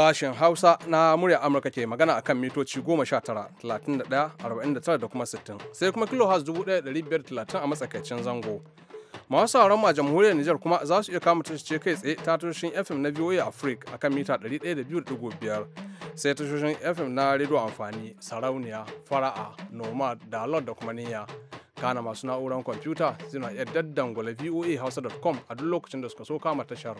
Sashen Hausa na murya Amurka ke magana akan mitoci 19, 31, 49 da kuma 60. Sai kuma kilohaz 1530 a matsakaicin zango. Masu sauran ma jamhuriyar Nijar kuma za su iya kama tashoce kai tsaye ta tashoshin FM na VOA Africa akan mita 102.5 sai tashoshin FM na radio amfani sarauniya fara'a nomad da lord da kuma niyya kana masu na'urar kwamfuta zina iya daddangula voa hausa.com a duk lokacin da suka so kama tashar.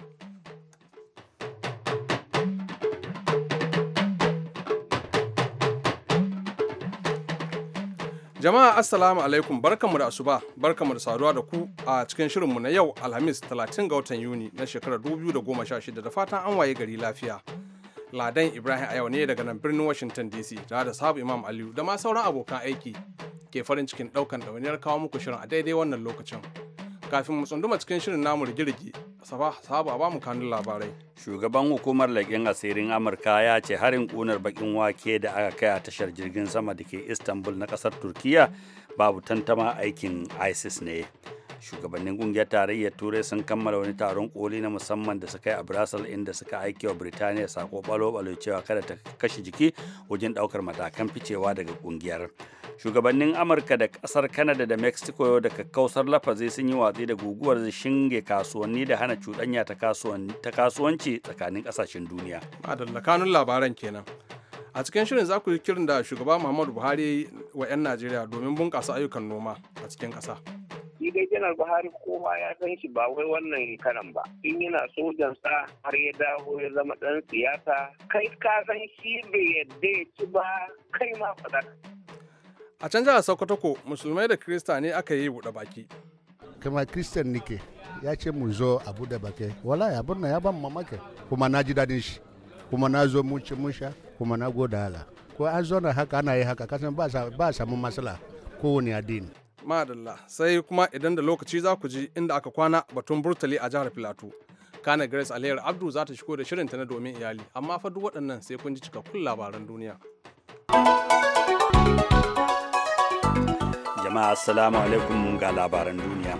Jama'a Assalamu alaikum barkanmu da asuba barkanmu da saduwa da ku a cikin shirinmu na yau Alhamis 30 ga watan Yuni na shekarar 2016 da fatan an waye gari lafiya. Ladan Ibrahim a yau ne daga nan birnin Washington DC tare da sahabu Imam Aliyu da ma sauran abokan aiki ke farin cikin ɗaukan ɗawainiyar kawo muku shirin a daidai wannan lokacin. kafin mu tsunduma cikin shirin namu rigirgi saba ba mu kanun labarai shugaban hukumar leƙen asirin amurka ya ce harin ƙunar bakin wake da aka kai a tashar jirgin sama da ke istanbul na ƙasar turkiya babu tantama aikin isis ne shugabannin kungiyar tarayyar turai sun kammala wani taron koli na musamman da suka yi a brussels inda suka aiki wa birtaniya sako balo-balo cewa kada ta kashe jiki wajen daukar matakan ficewa daga kungiyar shugabannin amurka da kasar kanada da mexico yau da kakkausar lafazi sun yi watsi da guguwar shinge kasuwanni da hana cuɗanya ta kasuwanci tsakanin kasashen duniya madalla kanun labaran kenan a cikin shirin za ku yi kirin da shugaba muhammadu buhari wa 'yan najeriya domin bunƙasa ayyukan noma a cikin ƙasa shi dai janar buhari kowa ya san shi ba wai wannan karan ba in yana sojan sa har ya dawo ya zama dan siyasa kai ka san shi bai yadda ya ci ba kai ma faɗa a can jihar sokoto ko musulmai da krista ne aka yi buɗe baki kama kristan nike ya ce mu zo a buɗe baki wala abun na ya ban mamaki kuma na ji daɗin shi kuma na zo mun ci mun sha kuma na goda ala ko an zo na haka ana yi haka kasan ba samun matsala kowane addini madalla sai kuma idan da lokaci za ku ji inda aka kwana batun burtali a jihar filato kana grace aliyar abdu za ta shigo da shirinta na domin iyali amma fa duk waɗannan sai kun ji cikakkun labaran duniya jama'a assalamu alaikum ga labaran duniya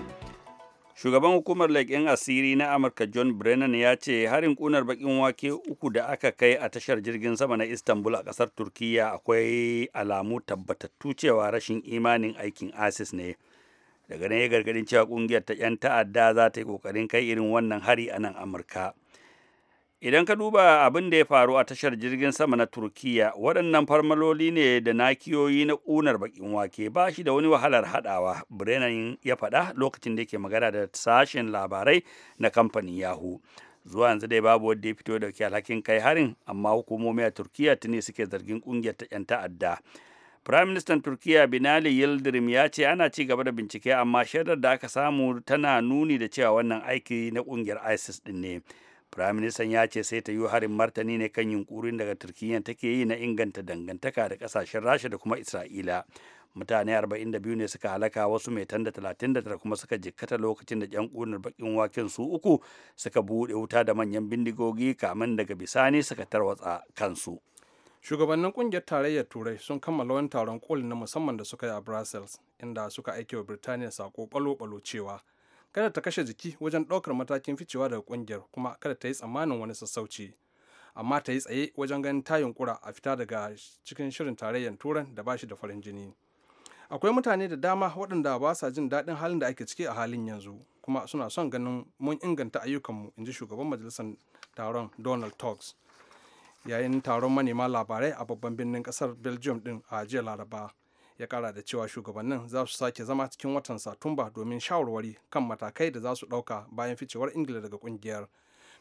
shugaban hukumar leƙen asiri na amurka john brennan ya ce harin kunar bakin wake uku da aka kai a tashar jirgin sama na istanbul a ƙasar turkiyya akwai alamu tabbatattu cewa rashin imanin aikin isis ne daga nan ya gargadin cewa ƙungiyar ta 'yan ta'adda za ta yi ƙoƙarin kai irin wannan hari a nan amurka Idan ka duba abin da ya faru a tashar jirgin sama na Turkiya, waɗannan farmaloli ne da nakiyoyi na ƙunar bakin wake ba shi da wani wahalar haɗawa, Brennan ya faɗa lokacin da yake magana da sashen labarai na kamfanin Yahoo. Zuwa yanzu dai babu wanda ya fito da alhakin kai harin, amma hukumomi a Turkiya tuni suke zargin ƙungiyar ta 'yan ta'adda. Firaministan Turkiyya Binali Yildirim ya ce ana ci gaba da bincike amma shaidar da aka samu tana nuni da cewa wannan aiki na ƙungiyar ISIS ɗin ne. firaministan ya ce sai ta yi harin martani ne kan yunkurin daga turkiyya take yi na inganta dangantaka da kasashen rasha da kuma isra'ila mutane 42 ne suka halaka wasu mai tanda 39 kuma suka jikkata lokacin da yan kunar bakin waken su uku suka bude wuta da manyan bindigogi kamin daga bisani suka tarwatsa kansu shugabannin kungiyar tarayyar turai sun kammala wani taron koli na musamman da suka yi a brussels inda suka aike wa birtaniya sako balo-balo cewa kada ta kashe jiki wajen ɗaukar matakin ficewa daga ƙungiyar kuma kada ta yi tsammanin wani sassauci amma ta yi tsaye wajen ganin ta yunkura a fita daga cikin shirin tarayyar turan da ba shi da farin jini akwai mutane da dama waɗanda ba sa jin daɗin halin da ake ciki a halin yanzu kuma suna son ganin mun inganta ayyukanmu in ji shugaban majalisar taron donald tusk yayin taron manema labarai a babban birnin ƙasar belgium din a jiya laraba ya kara da cewa shugabannin za su sake zama cikin watan satumba domin shawarwari kan matakai da za su dauka bayan ficewar ingila daga kungiyar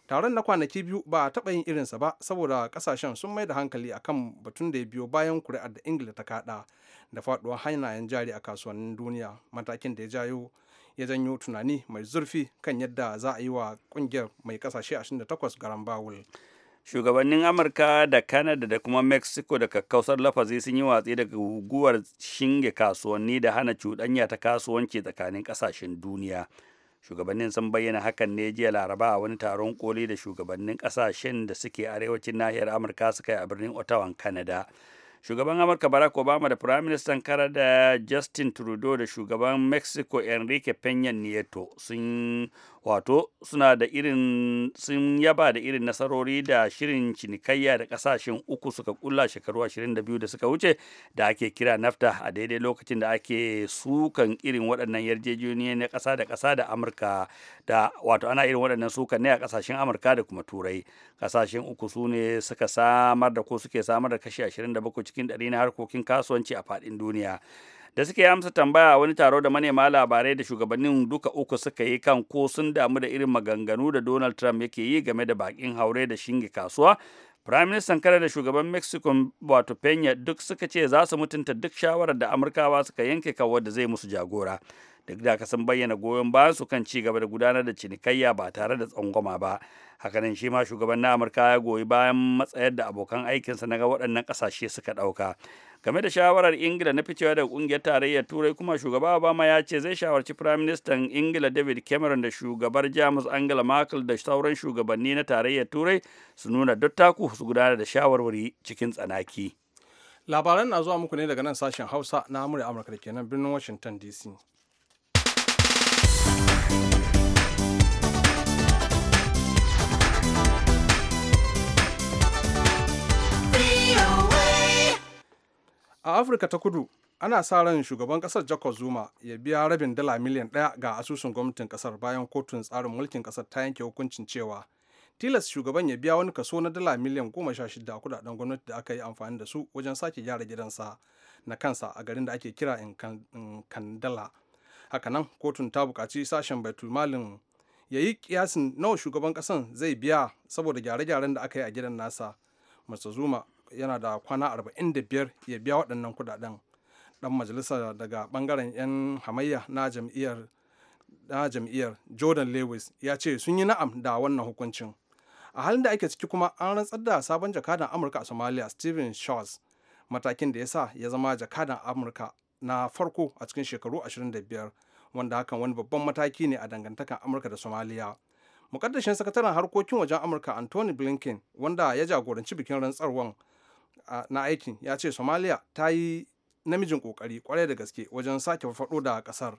taron na kwanaki biyu ba a taba yin irinsa ba saboda kasashen sun mai da hankali akan batun da ya biyo bayan kuri'ar da ingila ta kaɗa da faɗuwar hannayen jari a kasuwannin duniya matakin da ya jayo ya janyo tunani mai zurfi kan yadda za a yi wa kungiyar mai kasashe 28 garan bawul shugabannin amurka da kanada da kuma mexico da kakkausar lafazi sun yi watsi daga guguwar shinge kasuwanni da hana cuɗanya ta kasuwanci tsakanin ƙasashen duniya shugabannin sun bayyana hakan ne jiya laraba a wani taron koli da shugabannin ƙasashen da suke arewacin nahiyar amurka suka yi a birnin ottawa kanada shugaban amurka barack obama da prime minister canada justin trudeau da shugaban mexico enrique peña nieto sun wato suna da irin sun yaba da irin nasarori da shirin cinikayya da kasashen uku suka kulla shekaru 22 da suka wuce da ake kira nafta a daidai lokacin da ake sukan irin waɗannan yarjejeniyoyi na ƙasa da ƙasa da amurka da wato ana irin waɗannan sukan ne a ƙasashen amurka da kuma turai ƙasashen uku su ne suka samar da ko suke samar da kashi 27 cikin ɗari na harkokin kasuwanci a faɗin duniya da suke amsa tambaya a wani taro da manema labarai da shugabannin duka uku suka yi kan ko sun damu da irin maganganu da Donald Trump yake yi game da bakin haure da shinge kasuwa prime minister kare da shugaban Mexico wato Peña duk suka ce za su mutunta duk shawarar da Amurkawa suka yanke kan wadda zai musu jagora. duk da sun bayyana goyon bayan su kan ci gaba da gudanar da cinikayya ba tare da tsangwama ba hakanan shi ma shugaban na amurka ya goyi bayan matsayar da abokan aikinsa na ga waɗannan ƙasashe suka ɗauka game da shawarar ingila na ficewa da kungiyar tarayyar turai kuma shugaba obama ya ce zai shawarci firaministan ingila david cameron da shugabar jamus angela merkel da sauran shugabanni na tarayyar turai su nuna dattaku su gudanar da shawarwari cikin tsanaki labaran na zuwa muku ne daga nan sashen hausa na amurka da kenan birnin washington dc a afirka ta kudu ana sa ran shugaban kasar jacob zuma ya biya rabin dala miliyan daya ga asusun gwamnatin kasar bayan kotun tsarin mulkin kasar ta yanke hukuncin cewa tilas shugaban ya biya wani kaso na dala miliyan goma sha shida kudaden gwamnati da aka yi amfani da su wajen sake gyara gidansa na kansa a garin da ake kira kandala hakanan kotun ta bukaci sashen baitulmalin ya yi kiyasin nawa shugaban ƙasan zai biya saboda gyare-gyaren da aka yi a gidan nasa mr zuma yana da kwana arba'in da biyar ya biya waɗannan kudaden dan majalisa daga bangaren 'yan hamayya na jam'iyyar na jam'iyyar jordan lewis ya ce sun yi na'am da wannan hukuncin a halin da ake ciki kuma an rantsar da sabon jakadan amurka a somalia steven shaws matakin da ya sa ya zama jakadan amurka na farko a cikin shekaru 25 wanda hakan wani babban mataki ne a dangantakan amurka da somaliya mukaddashin sakataren harkokin wajen amurka anthony blinken wanda ya jagoranci bikin rantsarwar na aikin ya ce somalia ta yi namijin kokari kwarai da gaske wajen sake farfado da ƙasar.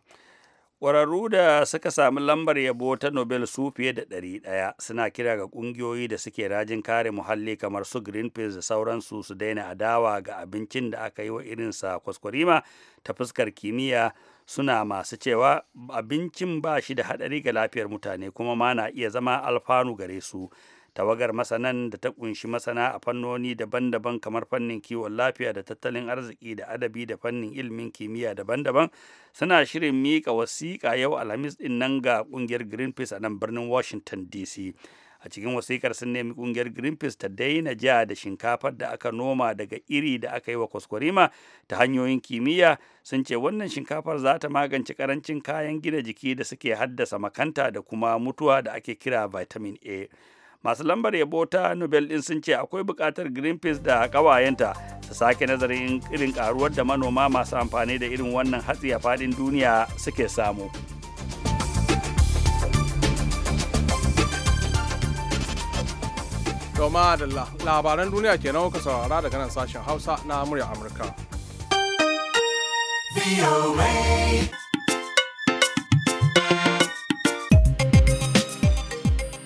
ƙwararru da suka sami lambar yabo ta nobel su fiye da ɗari ɗaya suna kira ga ƙungiyoyi da suke rajin kare muhalli kamar su greenpeace da sauransu su daina adawa ga abincin da aka yi wa irinsa kwaskwarima ta fuskar kimiyya suna masu cewa abincin ba shi da haɗari ga lafiyar mutane kuma ma na iya zama alfanu gare su tawagar masanan da ta kunshi masana a fannoni daban-daban kamar fannin kiwon lafiya da tattalin arziki da adabi da fannin ilimin kimiyya daban-daban suna shirin mika wasiƙa yau alhamis din nan ga kungiyar greenpeace a nan birnin washington dc a cikin wasikar sun nemi kungiyar greenpeace ta daina ja da shinkafar da aka noma daga iri da aka yi wa kwaskwarima ta hanyoyin kimiyya sun ce wannan shinkafar za ta magance karancin kayan gina jiki da suke haddasa makanta da kuma mutuwa da ake kira vitamin a masu lambar yabo ta nobel din sun ce akwai buƙatar greenpeace da ƙawayenta su sake nazarin irin karuwar da manoma masu amfani da irin wannan hatsi a fadin duniya suke samu Doma da labaran duniya kenan kuka saurara daga nan sashen Hausa na murya Amurka.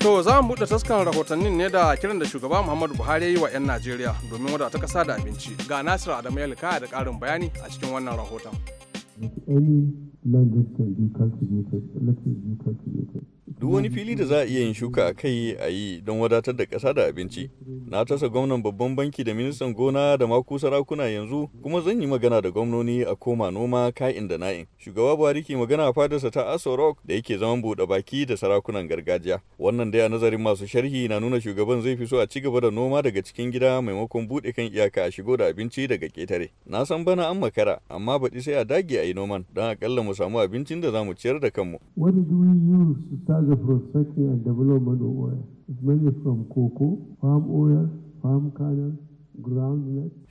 To za mu buɗe taskan rahotannin ne da kiran da shugaba Muhammadu Buhari ya yi wa 'yan Najeriya domin wadata ƙasa da abinci. Ga Nasiru Adamu Yalika da ƙarin bayani a cikin wannan rahoton. duk wani fili da za a iya yin shuka a kai a yi don wadatar da ƙasa da abinci na tasa gwamnan babban banki da ministan gona da maku sarakuna yanzu kuma zan yi magana da gwamnoni a koma noma ka'in da na'in shugaba buhari ke magana a fadarsa ta aso rock da yake zaman buɗe baki da sarakunan gargajiya wannan dai a nazarin masu sharhi na nuna shugaban zai fi so a ci gaba da noma daga cikin gida maimakon buɗe kan iyaka a shigo da abinci daga ƙetare na san bana an makara amma baɗi sai a dage a yi noman don aƙalla mu samu abincin da za mu ciyar da kanmu. start the prospecting and development of oil. It's mainly from cocoa, palm oil, palm kernel,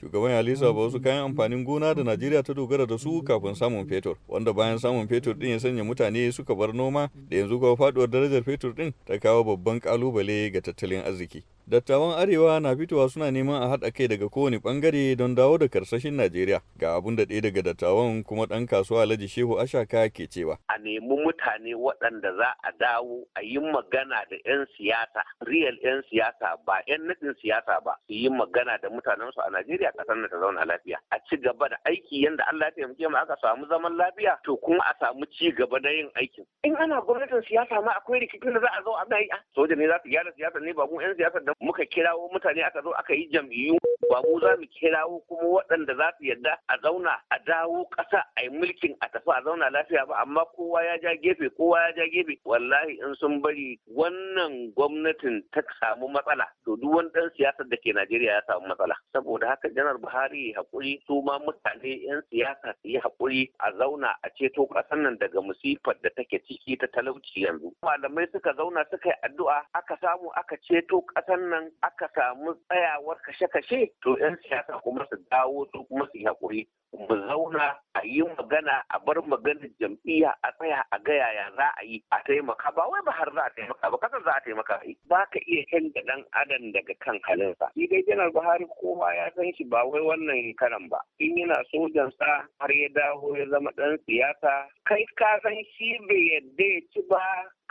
Shugaban ya lissafa wasu kayan amfanin gona da Najeriya ta dogara da su kafin samun fetur, wanda bayan samun fetur ɗin ya sanya mutane suka bar noma da yanzu kuma faɗuwar darajar fetur ɗin ta kawo babban ƙalubale ga tattalin arziki. Dattawan Arewa na fitowa suna neman a haɗa kai daga kowane ɓangare don dawo da karsashin Najeriya ga abun da ɗaya daga dattawan kuma ɗan kasuwa Alhaji Shehu Ashaka ke cewa. A nemi mutane waɗanda za a dawo a yi magana da 'yan siyasa, real 'yan siyasa ba 'yan naɗin siyasa ba, su yi magana da mutanensu a Najeriya ƙasar na ta zauna lafiya. A ci gaba da aiki yadda Allah ya taimake mu aka samu zaman lafiya to kuma a samu ci gaba da yin aikin. In ana gwamnatin siyasa ma akwai rikicin da za a zo a yi. Soja ne za su gyara siyasa ne ba mu 'yan siyasa da muka kirawo mutane aka zo aka yi jam'iyyu ba mu za mu kirawo kuma waɗanda za su yarda a zauna a dawo ƙasa a yi mulkin a tafi a zauna lafiya ba amma kowa ya ja gefe kowa ya ja gefe wallahi in sun bari wannan gwamnatin ta samu matsala to duk wani ɗan siyasar da ke Najeriya ya samu matsala saboda haka janar Buhari ya hakuri su ma mutane 'yan siyasa su yi hakuri a zauna a ceto ƙasar nan daga musifar da take ciki ta talauci yanzu malamai suka zauna suka yi addu'a aka samu aka ceto ƙasar wannan aka samu tsayawar kashe-kashe to 'yan siyasa kuma su dawo su kuma su yi haƙuri mu zauna a yi magana a bar maganar jam'iyya a tsaya a ga yaya za a yi a taimaka ba wai ba har za a taimaka ba kasar za a taimaka ba ba ka iya canza dan adam daga kan halinsa shi dai janar buhari kowa ya san shi ba wai wannan karan ba in yana sojan sa har ya dawo ya zama dan siyasa kai ka san shi bai yadda ya ci ba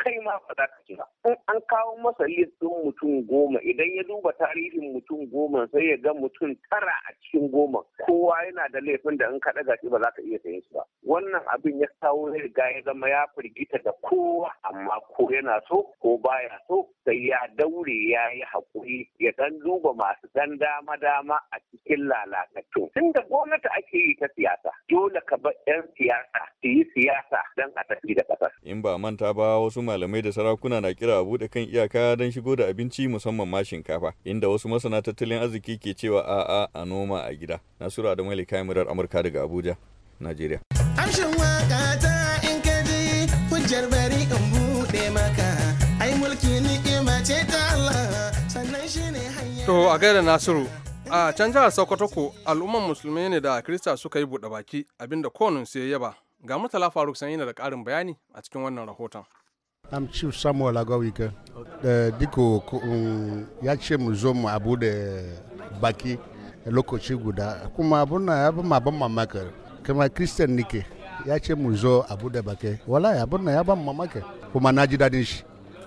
kai ma ba za ka ci ba. In an kawo masa list ɗin mutum goma idan ya duba tarihin mutum goma sai ya ga mutum tara a cikin goma kowa yana da laifin abin da in ka ɗaga shi ba za ka iya sayen shi ba wannan abin ya kawo ya riga ya zama ya firgita da kowa amma ko yana so ko baya so sai ya daure ya yi haƙuri ya dan duba masu dan dama dama a cikin lalatattu tun da gwamnati ake yi ta siyasa dole ka bar 'yan siyasa su yi siyasa don a tafi da ƙasar. in ba manta ba wasu malamai da sarakuna na kira a buɗe kan iyaka don shigo da abinci musamman ma shinkafa inda wasu masana tattalin arziki ke cewa a'a a noma a gida nasura da malika murar amurka amurka daga abuja najeriya amshin waka ta in ka ji hujjar bari in buɗe maka ai mulki ni'ima ce ta allah sannan shi ne to a gaida nasiru a can jihar sokoto ko al'umman musulmai ne da kirista suka yi buɗe baki abinda konin sai yaba ga murtala faruk sanyi da ƙarin bayani a cikin wannan rahoton I'm Chief Samuel Agawike. Okay. Uh, eh, Diko um, ya ce mu zo mu abu da baki lokaci guda kuma abunan na abin ban mamaki kama christian nike ya ce mu zo abu da bake wala ya na ya ban mamaka kuma na ji dadin shi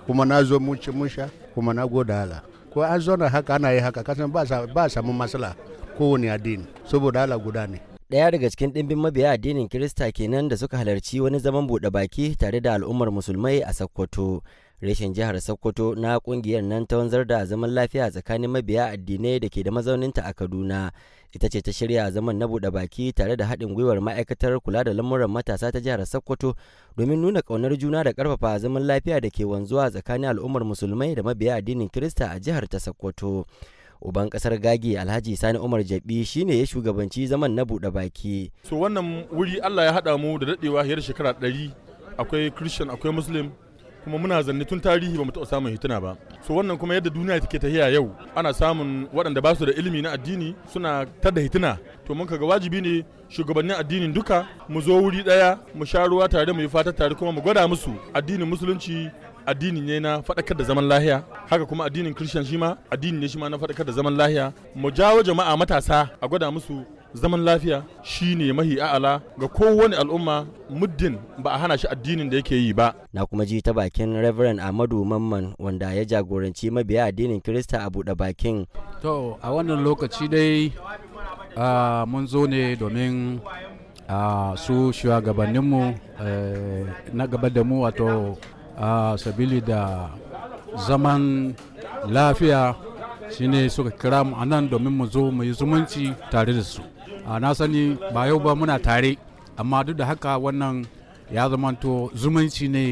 kuma na zo mun ci sha kuma na goda ala ko an zo na haka ana yi haka kasan ba samu masala kowane addini saboda ala guda ne daya daga cikin ɗimbin mabiya addinin Kirista kenan da suka halarci wani zaman buɗe baki tare da al'ummar musulmai a Sakkwato. reshen jihar sokoto na kungiyar nan ta wanzar da zaman lafiya tsakanin mabiya addinai da ke da mazauninta a kaduna ita ce ta shirya zaman na buɗe baki tare da haɗin gwiwar ma'aikatar kula da lamuran matasa ta jihar sokoto domin nuna ƙaunar juna da ƙarfafa zaman lafiya da ke wanzuwa tsakanin al'ummar musulmai da mabiya addinin kirista a jihar ta sokoto uban kasar gagi alhaji sani umar jabi shine ya shugabanci zaman na buɗe baki so wannan wuri allah ya haɗa mu da daɗewa hiyar shekara ɗari akwai christian akwai muslim kuma muna zanne tun tarihi bamu taɓa samun hituna ba so wannan kuma yadda duniya take tahiya yau ana samun waɗanda ba su da ilimi na addini suna ta da hituna to mun kaga wajibi ne shugabannin addinin duka mu zo wuri ɗaya mu sha ruwa tare mu yi fata tare kuma mu gwada musu addinin musulunci addini ne na faɗakar da zaman lahiya haka kuma addinin christian shi ma addini ne shi ma na faɗakar da zaman lahiya mu jawo jama'a matasa a gwada musu zaman lafiya shine mahi a'ala ga kowane al'umma muddin ba a hana shi addinin da yake yi ba na kuma ji ta bakin reverend amadu mamman wanda ya jagoranci mabiya addinin kirista a buɗe bakin to a wannan lokaci dai uh, mun zo ne domin su shugabanninmu uh, na gaba da mu wato sabili da zaman lafiya shine suka kira mu anan domin mu zo mu yi zumunci tare da su na sani ba yau ba muna tare amma duk da haka wannan ya zamanto zumunci ne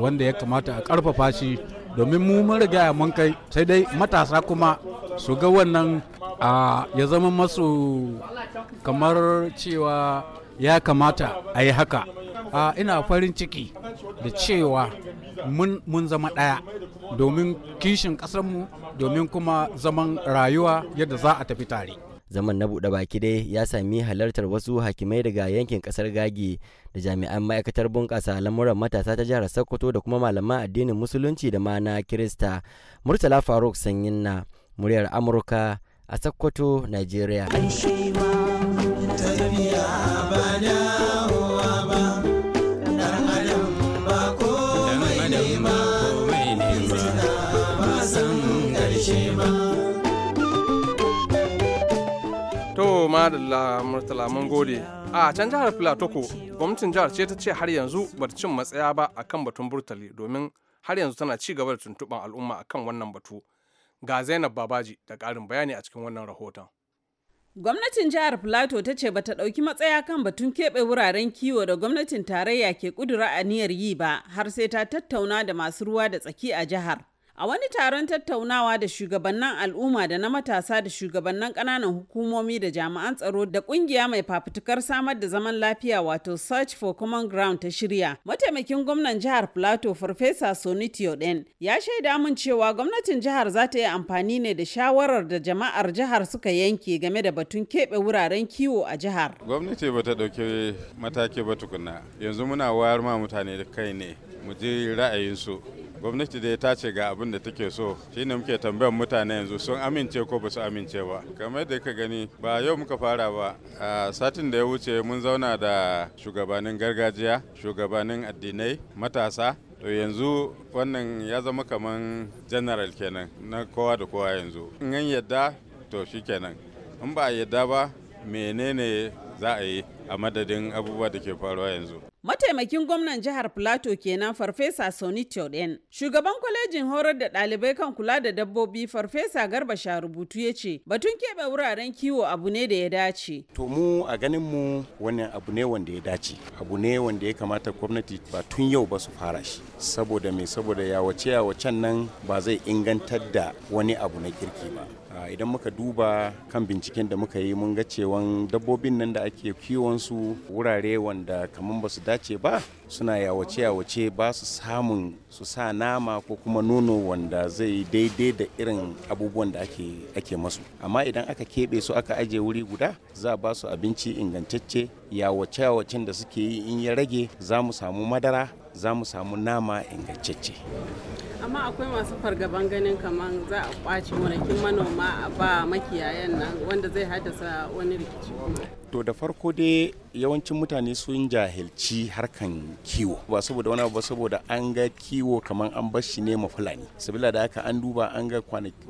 wanda ya kamata a karfafa shi domin mu mun riga mun kai sai dai matasa kuma su ga wannan ya zama masu kamar cewa ya kamata a yi haka ina farin ciki da cewa mun zama ɗaya domin kishin ƙasarmu domin kuma zaman rayuwa yadda za a tafi tare zaman na buɗe baki dai ya sami halartar wasu hakimai daga yankin ƙasar gagi da jami'an ma'aikatar bunƙasa lamuran matasa ta jihar sokoto da kuma malaman addinin musulunci da ma na kirista murtala faruk sanyin na muryar amurka a sokoto nigeria Madalla Murtala mun gode. A can jihar Plateau ko gwamnatin jihar ce ta ce har yanzu ba ta cin matsaya ba akan batun burtali domin har yanzu tana ci gaba da tuntuɓan al'umma akan wannan batu. Ga Zainab Babaji da ƙarin bayani a cikin wannan rahoton. Gwamnatin jihar Filato ta ce bata ɗauki matsaya kan batun keɓe wuraren kiwo da gwamnatin tarayya ke ƙudura aniyar yi ba har sai ta tattauna da masu ruwa da tsaki a jihar. A wani taron tattaunawa da shugabannin al'umma da na matasa da shugabannin kananan hukumomi da jami'an tsaro da kungiya mai fafutukar samar da zaman lafiya wato Search for Common Ground ta shirya. Mataimakin gwamnan jihar Plateau Farfesa Soni Tioden ya shaida mun cewa gwamnatin jihar za ta yi amfani ne da shawarar da jama'ar jihar suka yanke game da batun keɓe wuraren kiwo a jihar. Gwamnati ba ta ɗauki mataki ba tukuna. Yanzu muna wayar ma mutane da kai ne mu ji ra'ayinsu gwamnati da ta ce ga abin da take so shine muke tambayar mutane yanzu sun amince ko ba su amince ba kamar yadda ka gani ba yau muka fara ba a satin da ya wuce mun zauna da shugabannin gargajiya shugabannin addinai matasa to yanzu wannan ya zama kaman general kenan na kowa da kowa yanzu in yadda to shi kenan in ba a yadda ba menene za a yi a madadin abubuwa da ke faruwa yanzu Mataimakin gwamnan jihar Plateau kenan Farfesa Sony Tioden. Shugaban kwalejin horar da ɗalibai kan kula da dabbobi Farfesa Garba rubutu ya ce batun keɓe wuraren kiwo abu ne da ya dace. To mu a ganin mu wannan abu ne wanda ya dace. Abu ne wanda ya kamata gwamnati ba tun yau ba su fara shi. Saboda me saboda yawace yawacen nan ba zai ingantar da wani abu na kirki ba. Ah, idan muka duba kan binciken da muka yi mun ga cewan dabbobin nan da ake kiwon su wurare wanda kamar ba su dace ba suna yawace yawace ba su samun su sa nama ko kuma nono wanda zai daidai da irin abubuwan da ake, ake masu amma idan aka keɓe su aka aje wuri guda za ba su abinci ingantacce yawace yawacen da suke yi in ya rage za mu samu madara za mu samu nama ingantacce amma akwai masu fargaban ganin kamar za a kwace wanakin manoma a ba makiyayan nan wanda zai haddasa wani rikici to da farko dai yawancin mutane sun jahilci harkan kiwo ba saboda wani ba saboda an ga kiwo kamar an bar shi ne fulani sabila da haka an duba an ga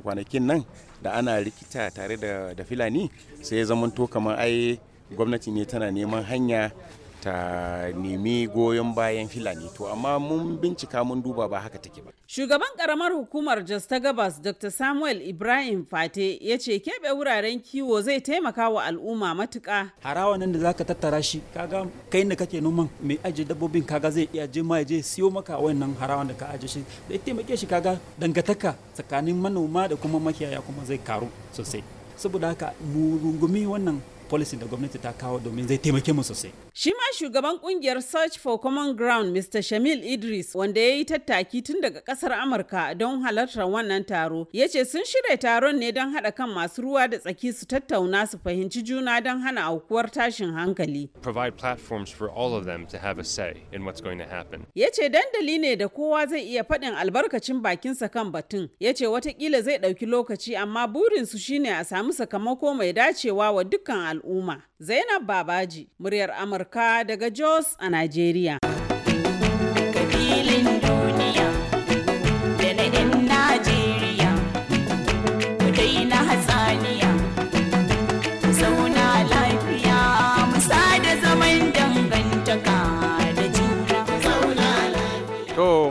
kwanakin nan da ana rikita tare da fulani sai ya zamanto kamar ai gwamnati ne tana neman hanya ta nemi goyon bayan filani to amma mun bincika mun duba ba haka take ba shugaban karamar hukumar jos gabas dr samuel ibrahim fate ya ce keɓe wuraren kiwo zai taimaka wa al'umma matuka harawa nan da zaka tattara shi kaga kai da kake noman mai ajiye dabbobin kaga zai iya je ma je siyo maka wannan harawan da ka ajiye shi da taimake shi kaga dangantaka tsakanin manoma da kuma makiyaya kuma zai karu sosai saboda haka mu rungumi wannan policy da gwamnati ta kawo domin zai taimake mu sosai Shi ma shugaban kungiyar Search for Common Ground Mr. Shamil Idris wanda ya yi tattaki tun daga kasar Amurka don halartar wannan taro ya ce sun shirya taron ne don haɗa kan masu ruwa da tsaki su tattauna su fahimci juna don hana aukuwar tashin hankali. Provide platforms for have a say in what's Ya ce dandali ne da kowa zai iya faɗin albarkacin bakinsa kan batun. Ya ce watakila zai ɗauki lokaci amma burinsu shine a samu sakamako mai dacewa wa dukkan al'umma. Zainab Babaji, muryar Amurka. Amurka daga Jos a Najeriya.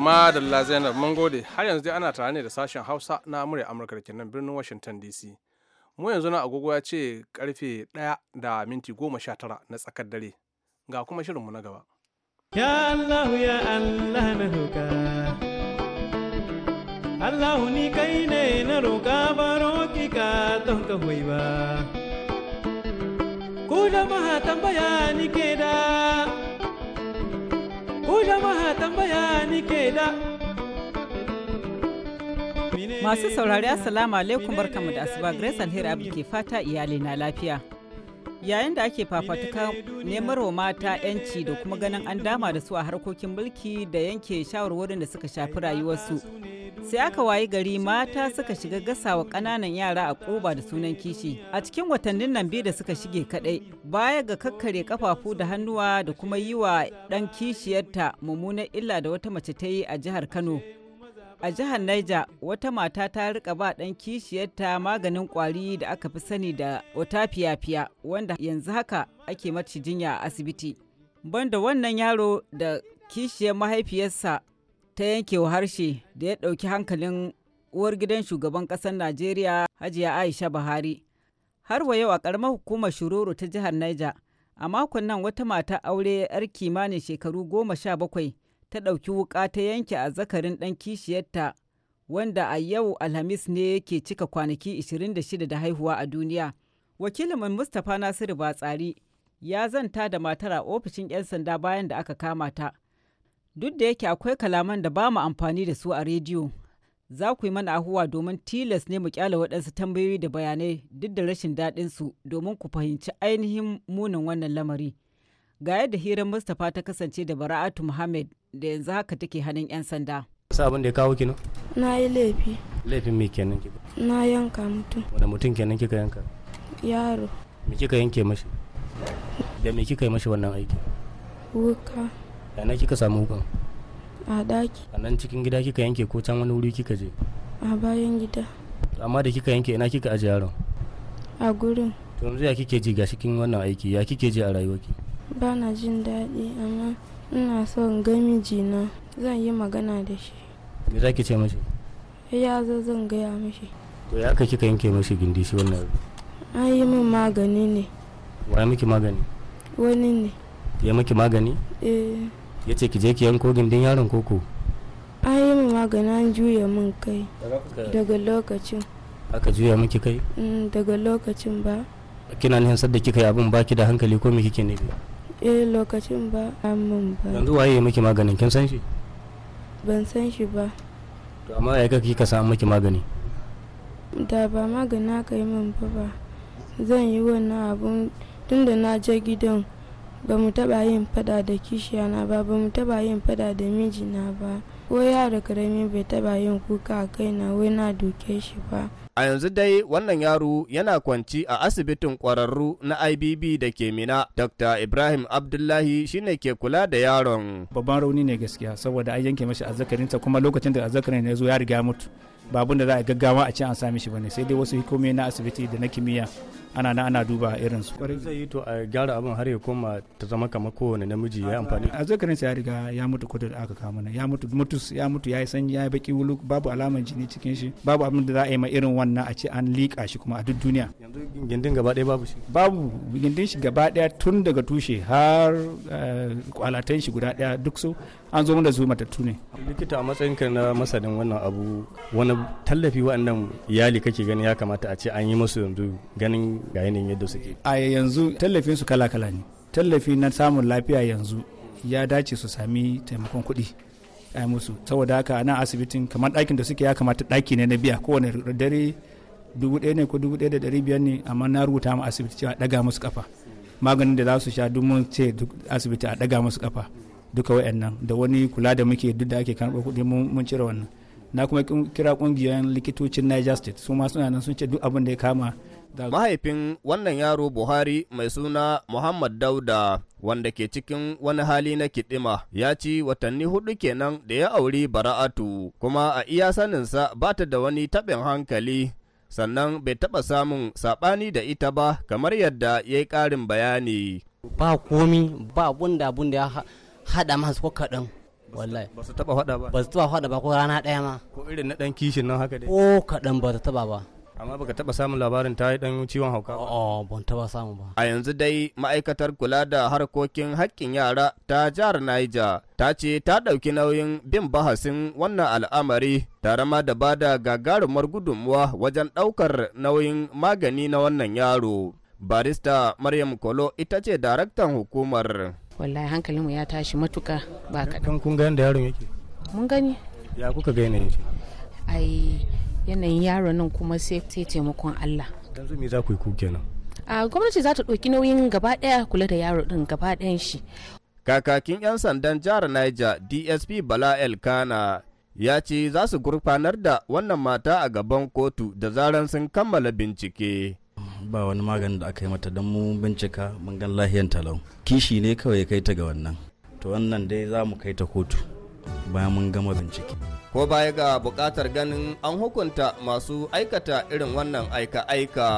madalla zainab mun gode har yanzu dai ana tare ne da sashen hausa na murya amurka da ke nan birnin washington dc mu yanzu na agogo ya ce karfe 1 da minti 19 na tsakar dare ga kuma shirinmu na gaba. Ya Allah ya Allah na roƙa. Allah ni kai ne na roƙa ba roƙi ka don ka hoyi ba. Ku jama'a tambaya ni ke da. Ku jama'a tambaya ni ke da. Masu saurari Assalamu alaikum barkamu da asuba Grace Alheri Abdi ke fata iyalai na lafiya. yayin da ake fafatuka nemar wa mata 'yanci da kuma ganin an dama da su a harkokin mulki da yanke shawarwarin da suka shafi rayuwarsu sai aka wayi gari mata suka shiga gasawa ƙananan yara a ƙuba da sunan kishi a cikin watannin nan biyu da suka shige kaɗai baya ga kakkare kafafu da hannuwa da kuma yi wa ɗan kishiyarta mummunan illa da wata mace ta yi a jihar kano A jihar Niger, wata mata ta rika ba ɗan kishiyarta maganin ƙwari da aka fi sani da otafiyafiya wanda yanzu haka ake mace jinya a asibiti. Banda wannan yaro da kishiyar mahaifiyarsa ta yanke wa harshe da ya ɗauki hankalin uwar gidan shugaban ƙasar Najeriya Hajiya Aisha Buhari. Har wa yau a ƙaramar hukumar Shiroro ta jihar Niger, a makon nan wata mata aure 'yar kimanin shekaru goma sha bakwai ta ɗauki wuƙa ta yanke a zakarin ɗan kishiyarta wanda a yau alhamis ne yake cika kwanaki 26 da haihuwa a duniya wakilin mustapha nasiru batsari ya zanta da matar a ofishin 'yan sanda bayan da aka kama ta duk da yake akwai kalaman da ba mu amfani da su a rediyo za ku yi mana ahuwa domin tilas ne mu kyala waɗansu tambayoyi da bayanai duk da rashin daɗin su domin ku fahimci ainihin munin wannan lamari Ga yadda hirar Mustapha ta kasance da Bara'atu Muhammad da yanzu haka take hannun 'yan sanda. Sa abin da ya kawo kina? Na yi laifi. Laifin me kenan kika? Na yanka mutum. Wani mutum kenan kika yanka? Yaro. Me kika yanke mashi? Da me kika yi mashi wannan aiki? Wuka. Yana kika samu wukan? A daki. A nan cikin gida kika yanke ko can wani wuri kika je? A bayan gida. Amma da kika yanke ina kika aje yaron? A gurin. To yanzu ya kike ji ga cikin wannan aiki ya kike ji a rayuwarki? ba na jin daɗi amma ina son gamiji na zan yi magana da shi me za ki ce mashi ya zo zan gaya mashi to ya aka kika yanke mashi gindi shi wannan an yi min magani ne wa ya miki magani wani ne ya miki magani eh ya ce ki je ki yanko gindin yaron koko an yi min magani an juya min kai daga lokacin aka juya miki kai mm, daga lokacin ba kina nihin sadda kika yi abin baki da hankali ko me kike nufi eh lokacin ba amin ba yanzu waye miki maganin kin san shi ban san shi ba to amma ya kake ka samu miki magani da ba magani aka yi min ba ba zan yi wannan abun tunda na je gidan ba mu taba yin fada da kishiyana ba ba mu taba yin fada da mijina ba ko yaro karami bai taba yin kuka a kaina wai na duke shi ba A yanzu dai wannan yaro yana kwanci a asibitin kwararru na IBB da ke Mina. Dr. Ibrahim Abdullahi shine ke kula da yaron. Babban rauni ne gaskiya saboda an yanke mashi azzakarinta kuma lokacin da azzakarin ya zo ya riga mutu. ba abin da za a gaggawa a ce an sami shi bane sai dai wasu hikomi na asibiti da na kimiyya ana na ana duba irin su kwarai zai yi to a gyara abin har ya koma ta zama kamar kowane namiji ya amfani a zakarin sai ya riga ya mutu kudu da aka kama ya mutu mutus ya mutu ya yi sanyi ya yi baki wulu babu alaman jini cikin shi babu abin da za a yi ma irin wannan a ce an liƙa shi kuma a duk duniya yanzu gindin gaba ɗaya babu shi babu gindin shi gaba ɗaya tun daga tushe har eh, kwalatan shi guda ɗaya duk su an zo da su matattu ne likita a matsayinka na masanin wannan abu wani tallafi wa'annan iyali kake ganin ya kamata a ce an yi musu yanzu ganin ga yanayin yadda suke a yanzu tallafin su kala kala ne tallafi na samun lafiya yanzu ya dace su sami taimakon kuɗi a yi musu saboda haka nan asibitin kamar ɗakin da suke ya kamata ɗaki ne na biya kowane dare dubu ɗaya ne ko dubu ɗaya da ɗari biyar ne amma na rubuta ma asibiti cewa ɗaga musu kafa maganin da za su sha duk mun ce asibiti a ɗaga musu kafa duka wayannan da wani kula da muke duk da ake karɓar kuɗi mun cire wannan na kuma kira ƙungiyar likitocin Niger State su ma suna nan sun ce duk abin da ya kama mahaifin wannan yaro Buhari mai suna Muhammad Dauda wanda ke cikin wani hali na kiɗima ya ci watanni hudu kenan da ya auri bara'atu kuma a iya saninsa ba ta da wani taɓin hankali sannan bai taɓa samun saɓani da ita ba kamar yadda ya yi ƙarin bayani ba komi ba abun da haɗa masu ko kaɗan wallahi ba su taɓa haɗa ba ba su taɓa haɗa ba ko rana ɗaya ma ko irin na ɗan kishin nan haka dai ko kaɗan ba su taɓa ba amma baka taba samun labarin ta yi ɗan ciwon hauka ba oh ban taba samu ba a yanzu dai ma'aikatar kula da harkokin haƙƙin yara ta jihar Naija ta ce ta ɗauki nauyin bin bahasin wannan al'amari tare ma da bada gagarumar gudunmuwa wajen ɗaukar nauyin magani na wannan yaro barista maryam kolo ita ce daraktan hukumar wallahi hankalinmu ya tashi matuka ba kaɗan kun gani yadda yaron yake mun gani ya kuka ga yanayin ai yanayin yaron nan kuma sai taimakon allah yanzu me za ku yi ku kenan a gwamnati za ta ɗauki nauyin gaba ɗaya kula da yaro ɗin gaba ɗayan shi kakakin 'yan sandan jihar niger dsp bala elkana ya ce za su gurfanar da wannan mata a gaban kotu da zaran sun kammala bincike ba wani maganin da aka yi mata don mu bincika mun gan lahiyan talau kishi ne kawai ya kai ta ga wannan to wannan dai za mu kai ta kotu bayan mun gama bincike ko baya ga bukatar ganin an hukunta masu aikata irin wannan aika-aika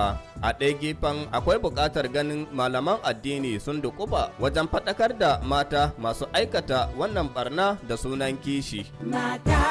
a ɗaya gefen akwai bukatar ganin malaman addini sun dukuba wajen faɗakar da mata masu aikata wannan barna da sunan kishi mata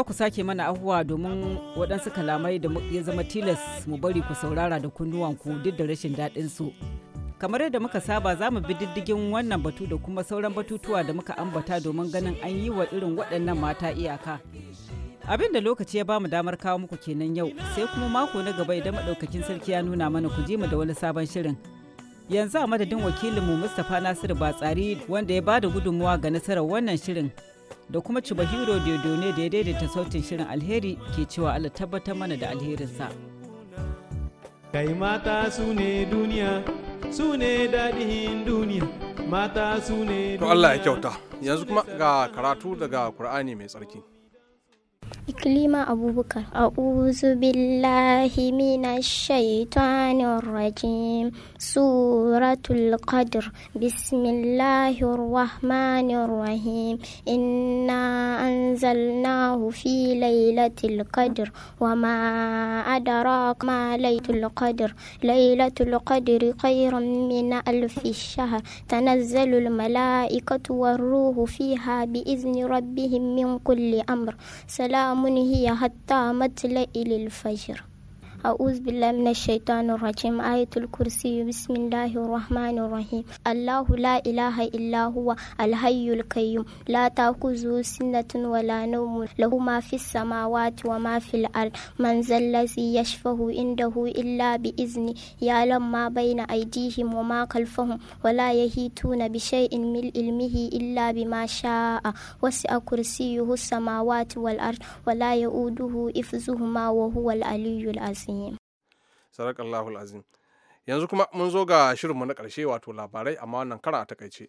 za ku sake mana ahuwa domin waɗansu kalamai da ya zama tilas mu bari ku saurara da kunnuwanku duk da rashin daɗin su. Kamar yadda muka saba za mu bi diddigin wannan batu da kuma sauran batutuwa da muka ambata domin ganin an yi wa irin waɗannan mata iyaka. Abin da lokaci ya bamu damar kawo muku kenan yau sai kuma mako na gaba idan maɗaukakin sarki ya nuna mana ku ji mu da wani sabon shirin. Yanzu a madadin wakilinmu Mustapha Nasiru Batsari wanda ya bada gudunmuwa ga nasarar wannan shirin da kuma Chubahiro ne da ya daidaita sautin shirin alheri ke cewa Allah tabbatar mana da alherinsa. Kai mata su ne duniya, su ne daɗin duniya, mata su ne duniya. To Allah ya kyauta, yanzu kuma ga karatu daga Kur'ani mai tsarki. إكليم أبو بكر أعوذ بالله من الشيطان الرجيم سورة القدر بسم الله الرحمن الرحيم إنا أنزلناه في ليلة القدر وما أدراك ما ليلة القدر ليلة القدر خير من ألف الشهر تنزل الملائكة والروح فيها بإذن ربهم من كل أمر سلام هي حتى مطلع الفجر أعوذ بالله من الشيطان الرجيم آية الكرسي بسم الله الرحمن الرحيم الله لا إله إلا هو الحي القيوم لا تأخذه سنة ولا نوم له ما في السماوات وما في الأرض من ذا الذي يشفه عنده إلا بإذنه يعلم ما بين أيديهم وما خلفهم ولا يهيتون بشيء من علمه إلا بما شاء وسع كرسيه السماوات والأرض ولا يؤوده إفزهما وهو العلي العظيم tsaye sadakallahu azim yanzu kuma mun zo ga shirinmu na ƙarshe wato labarai amma wannan kara a takaice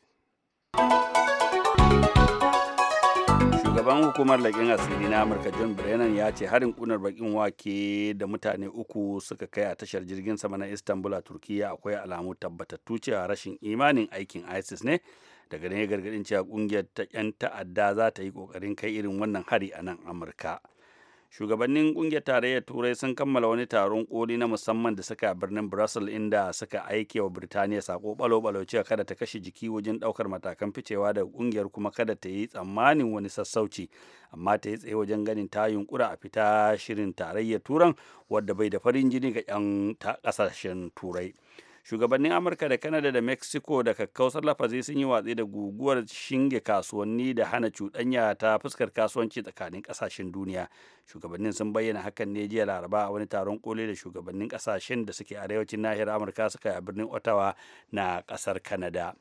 shugaban hukumar laƙin asiri na amurka john brennan ya ce harin kunar bakin wake da mutane uku suka kai a tashar jirgin sama na istanbul a turkiyya akwai alamu tabbatattu cewa rashin imanin aikin isis ne daga ne gargadin cewa kungiyar ta 'yan ta'adda za ta yi kokarin kai irin wannan hari a nan amurka shugabannin kungiyar tarayyar turai sun kammala wani taron koli na musamman da suka birnin brussels inda suka aike wa birtaniya sako balo-balo cewa kada ta kashe jiki wajen daukar matakan ficewa da kungiyar kuma kada ta yi tsammanin wani sassauci amma ta yi tsaye wajen ganin ta yunkura a fita shirin tarayyar turan wadda bai da farin jini ga 'yan kasashen turai shugabannin amurka da kanada da mexico da kakkausar lafazi sun yi watsi da guguwar shinge kasuwanni da hana cuɗanya ta fuskar kasuwanci tsakanin ƙasashen duniya shugabannin sun bayyana hakan ne jiya laraba a wani taron koli da shugabannin ƙasashen da suke arewacin nahiyar amurka suka yi a birnin ottawa na ƙasar kanada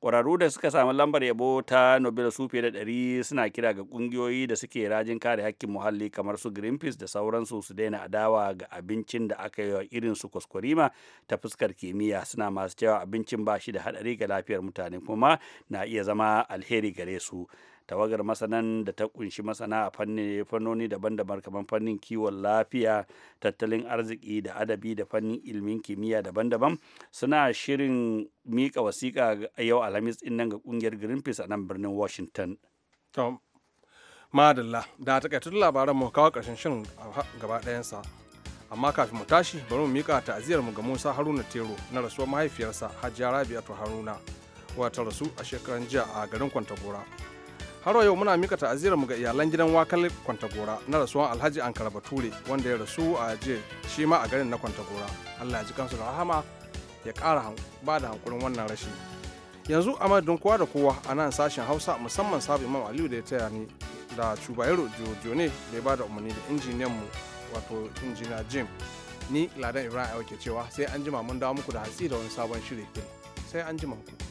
kwararru da suka samu lambar yabo ta nobel su fiye da ɗari suna kira ga ƙungiyoyi da suke rajin kare hakkin muhalli kamar su greenpeace da sauransu su daina adawa ga abincin da aka yi wa irin su kwaskwarima ta fuskar kimiyya suna masu cewa abincin ba shi da haɗari ga lafiyar mutane kuma na iya zama alheri gare su tawagar masanan da ta kunshi masana a fannoni daban-daban kamar fannin kiwon lafiya tattalin arziki da adabi da fannin ilmin kimiyya daban-daban suna shirin mika wasiƙa yau alhamis din nan ga kungiyar greenpeace a nan birnin washington madalla da takaitattun labaran mu kawo ƙarshen shirin gaba ɗayansa amma kafin mu tashi bari mu mika ta'aziyar mu ga Musa Haruna Tero na rasuwar mahaifiyarsa Hajiya Rabi'atu Haruna wata rasu a shekaran jiya a garin Kwantagora. har yau muna mika ta'azira mu ga iyalan gidan wakal kwantagora na rasuwan alhaji ankara bature wanda ya rasu a je shi ma a garin na kwantagora allah ji kansu da rahama ya kara ba da hankulin wannan rashi yanzu a madadin kowa da kowa a nan sashen hausa musamman sabu imam aliyu da ya taya ni da cubayero jojo ne da ya ba da umarni da injiniyan mu wato injiniya jim ni ladan ibrahim ke cewa sai an jima mun dawo muku da hatsi da wani sabon shirin sai an jima ku